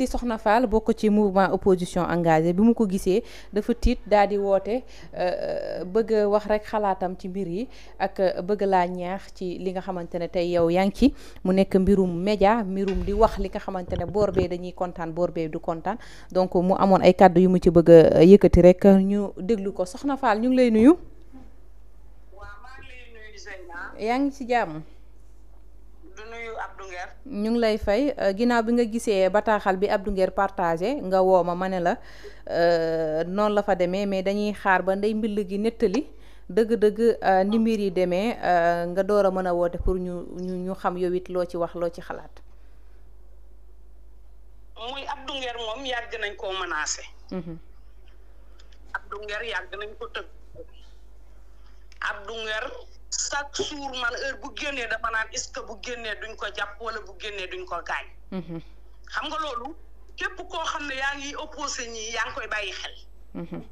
di Soxna Fall bokk ci mouvement opposition engagé bi mu ko gisee dafa tiit daal di woote euh, euh, bëgg wax rek xalaatam ci mbir yi ak euh, bëgg laa ñaax ci li nga xamante ne tey yow yaa ngi ci mu nekk mbirum média mbirum di wax li nga xamante ne boor bee dañuy kontaan boor bee du kontaan donc mu amoon ay kàddu yu mu ci bëgg yëkkati rek ñu déglu ko Soxna Fall ñu ngi lay nuyu. yaa ngi ci jàmm. Abdou ñu ngi lay fay euh, ginnaaw bi nga gisee bataaxal bi Abdou Nguer partagé nga woo ma ma ne la euh, noonu la fa demee mais dañuy xaar ba ndey mbill gi nettali dëgg-dëgg euh, ni mbir yi demee nga door a mën a woote pour ñu ñu xam yow it loo ci wax loo ci xalaat. muy Abdou Nguer moom yàgg nañ koo menacé. Mhm. Abdou Nguer yàgg nañ ko tëgg. Abdou Nguer chaque jour man heure bu génnee dama naan est-ce que bu génnee duñ ko jàpp wala bu génnee duñ ko gaañ. Mhm. xam nga loolu képp koo xam ne yaa ngi opposé ñii yaa ngi koy bàyyi xel. Mhm.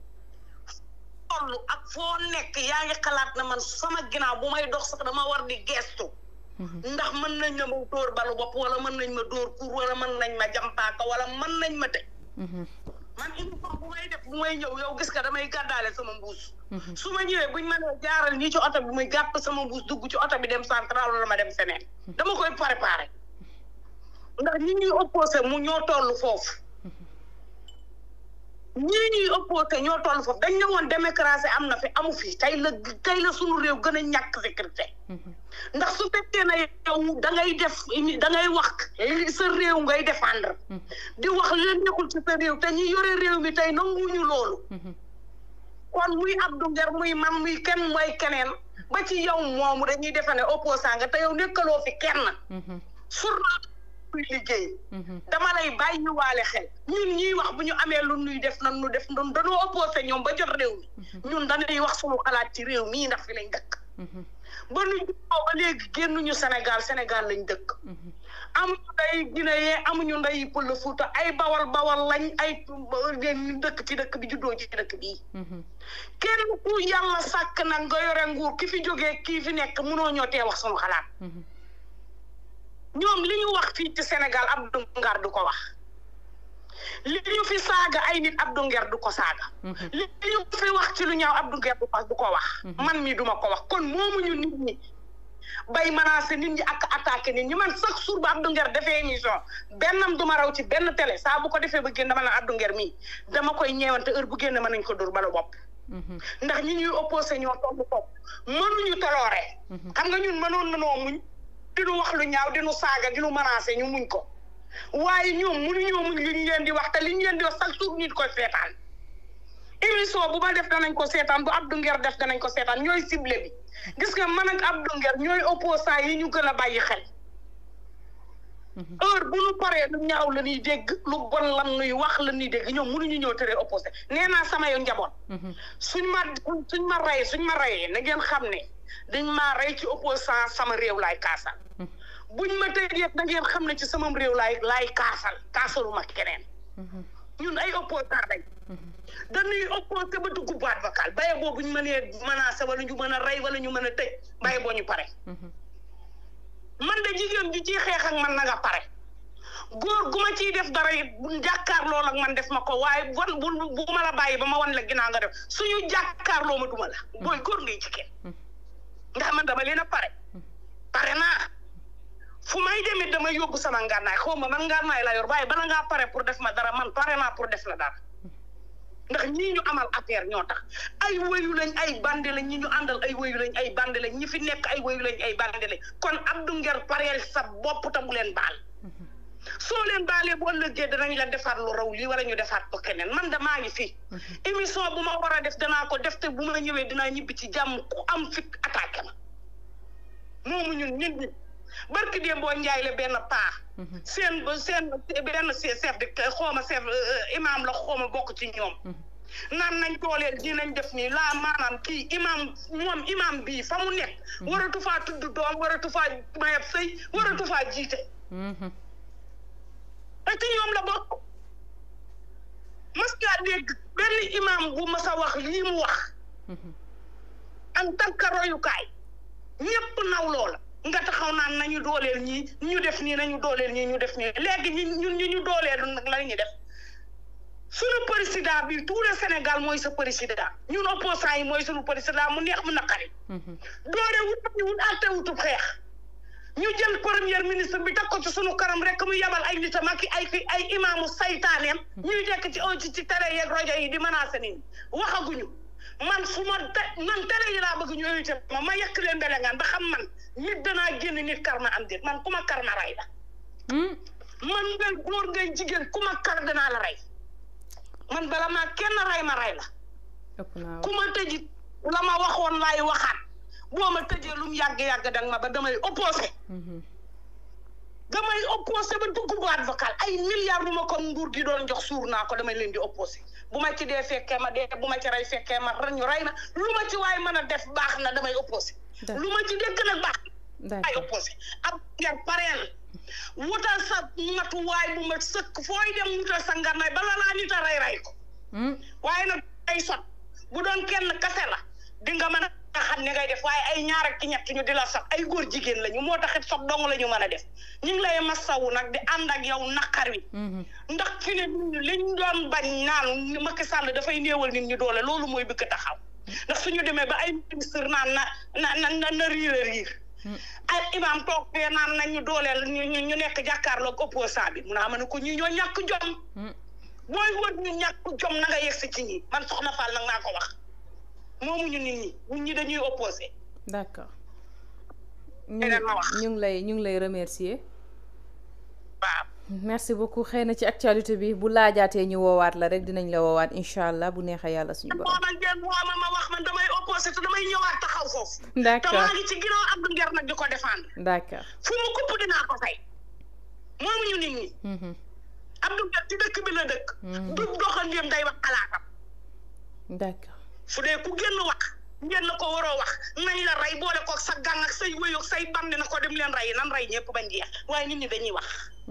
ak foo nekk yaa ngi xalaat na man sama ginaaw bu may dox sax dama war di gestu. Mhm. ndax mën nañ ma dóor balu bopp wala mën nañ ma dóor kur wala mën nañ ma jàmpaaka wala mën nañ ma tëj. man uniforme bu may def bu may ñëw yow gis nga damay gàddaale sama mbuus. Mhm. su ma ñëwee buñ ma nee jaaral ñi ci oto bi muy gàpp sama mbuus dugg ci oto bi dem central la ma dem seneen mhm. dama koy préparé. ndax ñi ñuy opposé mu ñoo toll foofu. ñii ñuy opposé ñoo toll foofu dañ ne woon démocratie am na fi amu fii tay la tey la sunu réew gën a ñàkk sécurité mhm. ndax su fekkee na yow da ngay def da ngay wax sa réew ngay défendre mhm. di wax leen nekkul ci sa réew te ñu yore réew mi tey nanguwuñu loolu mhm. kon muy Abdou Nguer muy man muy kenn mooy keneen ba ci yow moomu dañuy defe ne opposant nga te yow nekkaloo fi kenn surna kuy liggéey mhm. dama ñu bàyyiwaale xel ñun ñuy wax bu ñu amee lu nuy def nan nu def doon dañoo opposé ñoom ba jot réew mi mhm. ñun dañuy wax ci réew mii ndax fi lañ dëkk mhm. ba nu juddoo ba léegi génnuñu Sénégal Sénégal lañ dëkk amuñu nday Guinéen amuñu ay bawal bawal lañ ay dëkk ci dëkk bi juddoo ci dëkk bii kenn ku yàlla sàkk nag nga yore nguur ki fi jógee kii fi nekk mënoo ñoo tee wax suñu xalaat ñoom li ñu wax fii ci Sénégal Abdou Ngar du ko wax li ñu fi saaga ay nit Abdou Ngar du ko saaga. Mhm. li ñu fi wax ci lu ñaaw Abdou Ngar du ko wax. Mhm. man mii duma ko wax kon moomuñu nit ñi bay menacé nit ñi ak attaqué nit ñi man sax suur ba Abdou Ngar defee émission bennam du ma raw ci benn télé saa bu ko defee ba génn dama naan Abdou Ngar mii dama koy ñeewante heure bu génn mën nañ ko dóor bala bopp. Mhm. ndax ñi ñuy opposé ñoo toll bopp mënuñu tolooree. xam nga ñun mënoon nanoo muñ. dinu wax lu ñaaw dinu saaga dinu menacé ñu muñ ko waaye ñoom mënuñoo muñ li ñu leen di wax te li ñu leen di wax sax suuf ñu koy seetaan émission bu ba def danañ ko seetaan bu Abdou Nguer def danañ ko seetaan ñooy cible bi gis nga man ak Abdou Nguer ñooy opposant yi ñu gën a bàyyi xel Mm-hmm. heure bu nu paree lu ñaaw la ñuy dégg lu bon lan nuy wax la ñuy dégg ñoom mu nu mënuñu ñëw tere opposé nee naa sama yow njaboot. Mm-hmm. suñ ma suñ ma rayee suñ ma rayee na ngeen xam ne dañ maa rey ci opposant sama réew laay kaasal. Mm-hmm. buñ ma tëjee na ngeen xam ne ci sama réew laay laay kaasal kaasaluma keneen. ñun ay opposant lañ. dañuy opposé ba dugg boîte vocale baye boo buñ mënee menacé wala ñu mën a rey wala ñu mën a tëj baye boo ñu pare. man de jigéen ju ciy xeex ak man na pare góor gu ma ciy def dara it bu jàkkaarloo ak man def ma ko waaye wan bu bu ma la bàyyi ba ma wan la ginnaaw nga def suñu jàkkaarloo ma duma la mm-hmm. booy góor ngay jigéen mm-hmm. ndax man ma leen na pare mm-hmm. pare naa fu may demit dama yóbbu sama ngànnaay xaw ma man ngànnaay laa yor waaye ba ngaa pare pour def ma dara man pare naa pour def la dara ndax ñii ñu amal affaire ñoo tax ay wéyu lañ ay bande lañ ñi ñu àndal ay wéyu lañ ay bande lañ ñi fi nekk ay wéyu lañ ay bande kon Abdou Nguer pareel sa bopp tamu leen baal soo leen baalee bu ëllëgee danañ la defaat lu raw lii war ñu defaat ko keneen man damaa ngi fi émission bu ma war a def danaa ko def te bu ma ñëwee dinaa ñibbi ci jàmm ku am fit attaqué ma moomu ñun nit ñi barki démb boo njaay benn paa. Mhm. seen seen benn chef de xooma chef euh, imaam la xooma bokk ci ñoom. Mhm. naan nañ dooleel dinañ def nii laa maanaam kii imaam moom imaam bii fa mu nekk. Mhm. waratu faa tudd doom waratu faa mayab sëy waratu faa jiite. te ci ñoom la bokk. mas ngaa benn imaam bu mas a wax lii mu wax. en tant que royukaay ñépp naw nga taxaw naan nañu dooleel ñii ñu def nii nañu dooleel ñii ñu def nii léegi ñun ñu ñu dooleel nag la ñuy def suñu président bi tout le Sénégal mooy sa président ñun opposant yi mooy suñu daa mu neex mu naqari. Mhm. doole wut wut àtte wutub xeex. ñu jël premier ministre bi teg ko ci sunu karam rek mu yabal ay nitam ak ay ay imaamu saytaaneem. Mhm. ñuy nekk ci ci ci télé yeeg rajo yi di menacer nit ñi waxaguñu. man fu ma man télé yi laa bëgg ñu invité ma ma yekk leen belengaan ba xam man nit danaa génn nit karma am déet ma karma rey hmm? man ngay góor ngay jigéen ku ma kar danaa la rey man bala maa kenn rey ma rey la ku ma la ma waxoon lay waxaat boo ma tëjee lu mu yàgg-yàgg danga ma ba damay opposé hmm. damay opposé ba dugg bu avocat ay milliards ma ko nguur gi doon jox suur naa ko damay leen di opposé bu ma ci dee fekkee ma dee bu ma ci rey fekkee ma ñu rey ma lu ma ci waaye mën a def baax na damay opposé lu ma ci dégg nag baax na damay opposé ab nger pareel wutal sa matuwaay bu ma sëkk fooy dem wutal sa ngarnaay bala laa nit a rey rey ko hmm. waaye nag ay sot bu doon kenn kase la di nga mën a xam ne ngay def waaye ay ñaar ak ki ñett ñu di la sax ay góor jigéen lañu moo taxit soog dong la ñu mën a def ñu ngi lay masawu nag di ànd ak yow naqar wi mm-hmm. ndax fi ne liñ doon bañ naan Macky Sall dafay néewal nit ñi doole loolu mooy bëgg taxaw mm-hmm. ndax ñu demee ba ay ministre naan na na na na riir a riir mm-hmm. ay imam toog fee naan nañu dooleel ñu ñu nekk jàkkaarloog opposant bi mun naa ah, mën ne ko ñi ñoo ñàkk jom booy wër ñu ñàkk jom na nga yegsi ci ñi man soxna Fall nag naa ko wax moomuñu nit ñi nit ñi dañuy opposé. d'accord. ñu ñu ngi lay ñu ngi lay remercier. waaw. merci beaucoup xëy na ci actualité bi bu laajaatee ñu woowaat la rek dinañ la woowaat incha allah bu neexee yàlla suñu borom. man ngeen woo ma ma wax man damay opposé te damay ñëwaat taxaw foofu. d'accord te maa ngi ci ginnaaw Abdou Nguer nag di ko défendre. d'accord fu mu kupp dinaa ko fay. moomuñu nit ñi. Mm-hmm. Abdou Nguer ci dëkk bi la dëkk. Mm-hmm. du doxandéem day wax xalaatam. d'accord. fu dee ku génn wax génn ko waroo wax nañ la rey boole koog sa gang ak say wéyoog say bandi na ko dem leen rey nan rey ñëpp bañ jeex waaye nit ñi dañuy wax.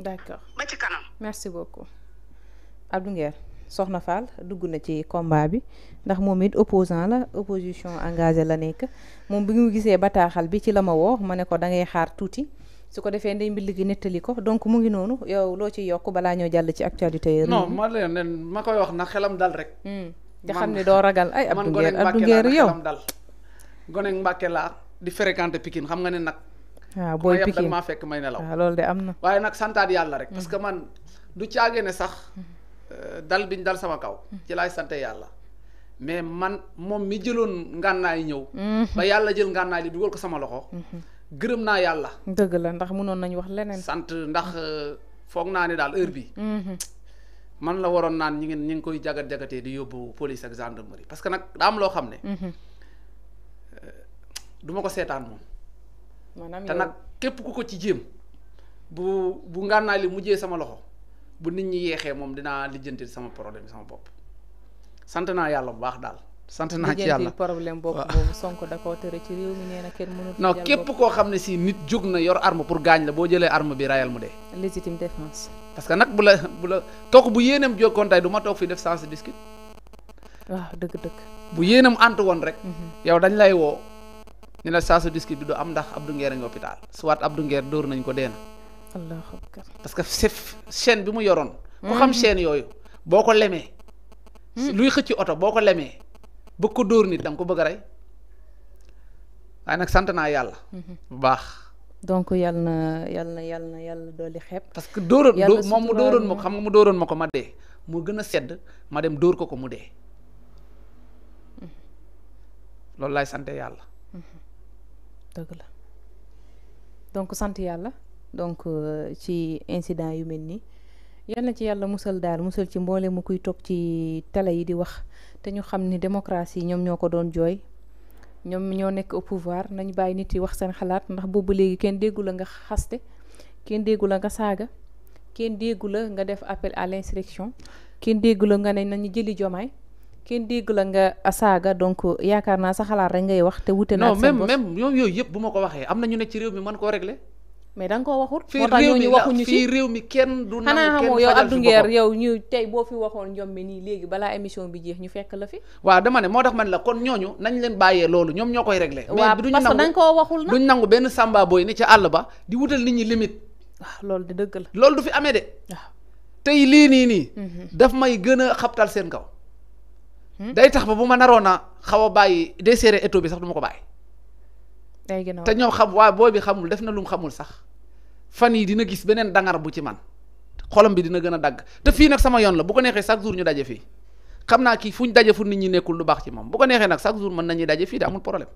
d'accord ba ci kanam. merci beaucoup Abdou soxna Fall dugg na ci combat bi ndax moom it opposant la opposition engagée la nekk moom bi mu gisee bataaxal bi ci la ma woo ma ne ko da ngay xaar tuuti su ko defee ndey mbill gi nettali ko donc mu ngi noonu yow loo ci yokk balaa ñoo jàll ci actualité. non ma leen ma koy wax na xelam dal rek. Hmm. te xamni do ragal ay Abdou ngeer Abdou ngeer yow dal gone Mbàkke di fréquenté Pikine xam nga ne nak wa boy Pikine ma fekk may nelaw waaw ah, de amna na waaye nag rek parce mm. que man du caage sax mm. euh, dal biñ dal sama kaw mm. ci lay santé yalla mais man mom mi jëloon ngannaay ñew mm-hmm. ba yalla jël ngannaay li dugal ko sama loxo mm-hmm. gërem na yalla deug la ndax mënon nañ wax leneen sante ndax euh, fogg na ni dal heure bi mm-hmm. man la waroon naan ñi ngi ñi ngi koy jagat jagatee di yóbbu police ak gendarmerie parce que nag daa am loo xam ne. Mhm. Euh, du ko seetaan moom. maanaam te nag képp ku ko ci jéem bu bu ngànnaay li mujjee sama loxo bu nit ñi yeexee moom dinaa lijjantil sama problème sama bopp sant naa yàlla bu baax daal. sant naa ci yàlla problème boobu boobu Sonko da koo tere ci képp koo xam ne si nit jóg na yor arme pour gaañ la boo jëlee arme bi rayal mu dee légitime défense parce que nag bu la bu la toog bu yéeneem jokkoon tey du ma toog fi def sens discute waaw dëgg dëgg bu yéenam ant woon rek mhm. yow dañ lay woo ñu la sens discute bi du am ndax Abdou Nguer a ngi hôpital soit Abdou dóor nañ ko dee na allahu akbar parce que chef bi mu yoroon ku xam mhm. chaîne yooyu boo ko lemee mhm. luy xëcc oto boo ko lemee bu ko dóor nit dang ko bëgg ray ay nak nag sant naa yàlla. Mhm. bu baax. donc yalla na yalla na yalla na yàlla dolli xép parce que dóoroon moom mu dóoroon ma xam nga mu dóoroon mako ma dé mu gëna a sedd ma dem dóor ko ko mu dé mhm. lool lay santé yalla mhm. deug la donc sant yalla donc euh, ci incident yu melni yal na ci yàlla musal daal musal ci mboole mu kuy toog ci télé yi di wax te ñu xam ni démocratie ñoom ñoo ko doon jooy ñoom ñoo nekk au pouvoir nañu bàyyi nit yi wax seen xalaat ndax boobu léegi kenn déggu la nga xaste kenn déggu la nga saaga kenn déggu la nga def appel à l'insurrection kenn déggu la nga ne nañu jëli jomaay kenn déggu la nga saaga donc yaakaar naa sa xalaat rek ngay wax te wute naa. non même yooyu yëpp bu ma ko waxee am na ñu ne ci réew mi mën koo régler. mais da ko waxul waxut. fii réew mi waxuñu ci fii réew mi kenn du. xanaa xamoo yow Abdou Nguer yow ñu tey boo fi waxoon njombe nii léegi balaa émission bi jeex ñu fekk la fi. waaw dama moo tax man la kon ñooñu nañ leen bàyyee ñoom ñoo koy réglé. waaw parce que dañ koo waxul na duñ nangu benn samba boy ni ci àll ba di wutal nit ñi limite. waaw ah, loolu di dëgg la. loolu du fi amee de. waaw ah. tey lii nii nii. Mhm. daf may gën a xabtal seen kaw. Hmm? day tax ba bu ma naroon a xaw a bàyyi desserré étau bi sax du ma ko bàyyi. te ñoom xam waa booy bi xamul def na lu xamul sax fan yi dina gis beneen dangar bu ci man xolam bi dina gën a dagg te fii nag sama yoon la bu ko neexee chaque jour ñu daje fii xam naa kii fu ñu daje fu nit ñi nekkul lu baax ci moom bu ko neexee nag chaque jour mën nañuy daje fii de amul problème.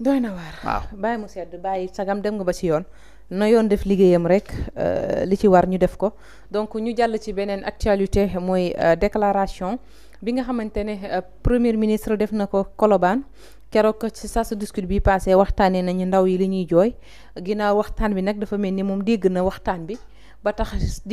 doy na waar. waaw bàyyi mu sedd bàyyi sagam dem nga ba ci yoon. na yoon def liggéeyam rek euh, li ci war ñu def ko donc ñu jàll ci beneen actualité mooy euh, déclaration bi nga xamante ne euh, première ministre def na ko Colobane keroog ci sasu discute bi passé waxtaanee nañu ndaw yi li ñuy jooy ginnaaw waxtaan bi nag dafa mel ni moom dégg na waxtaan bi ba tax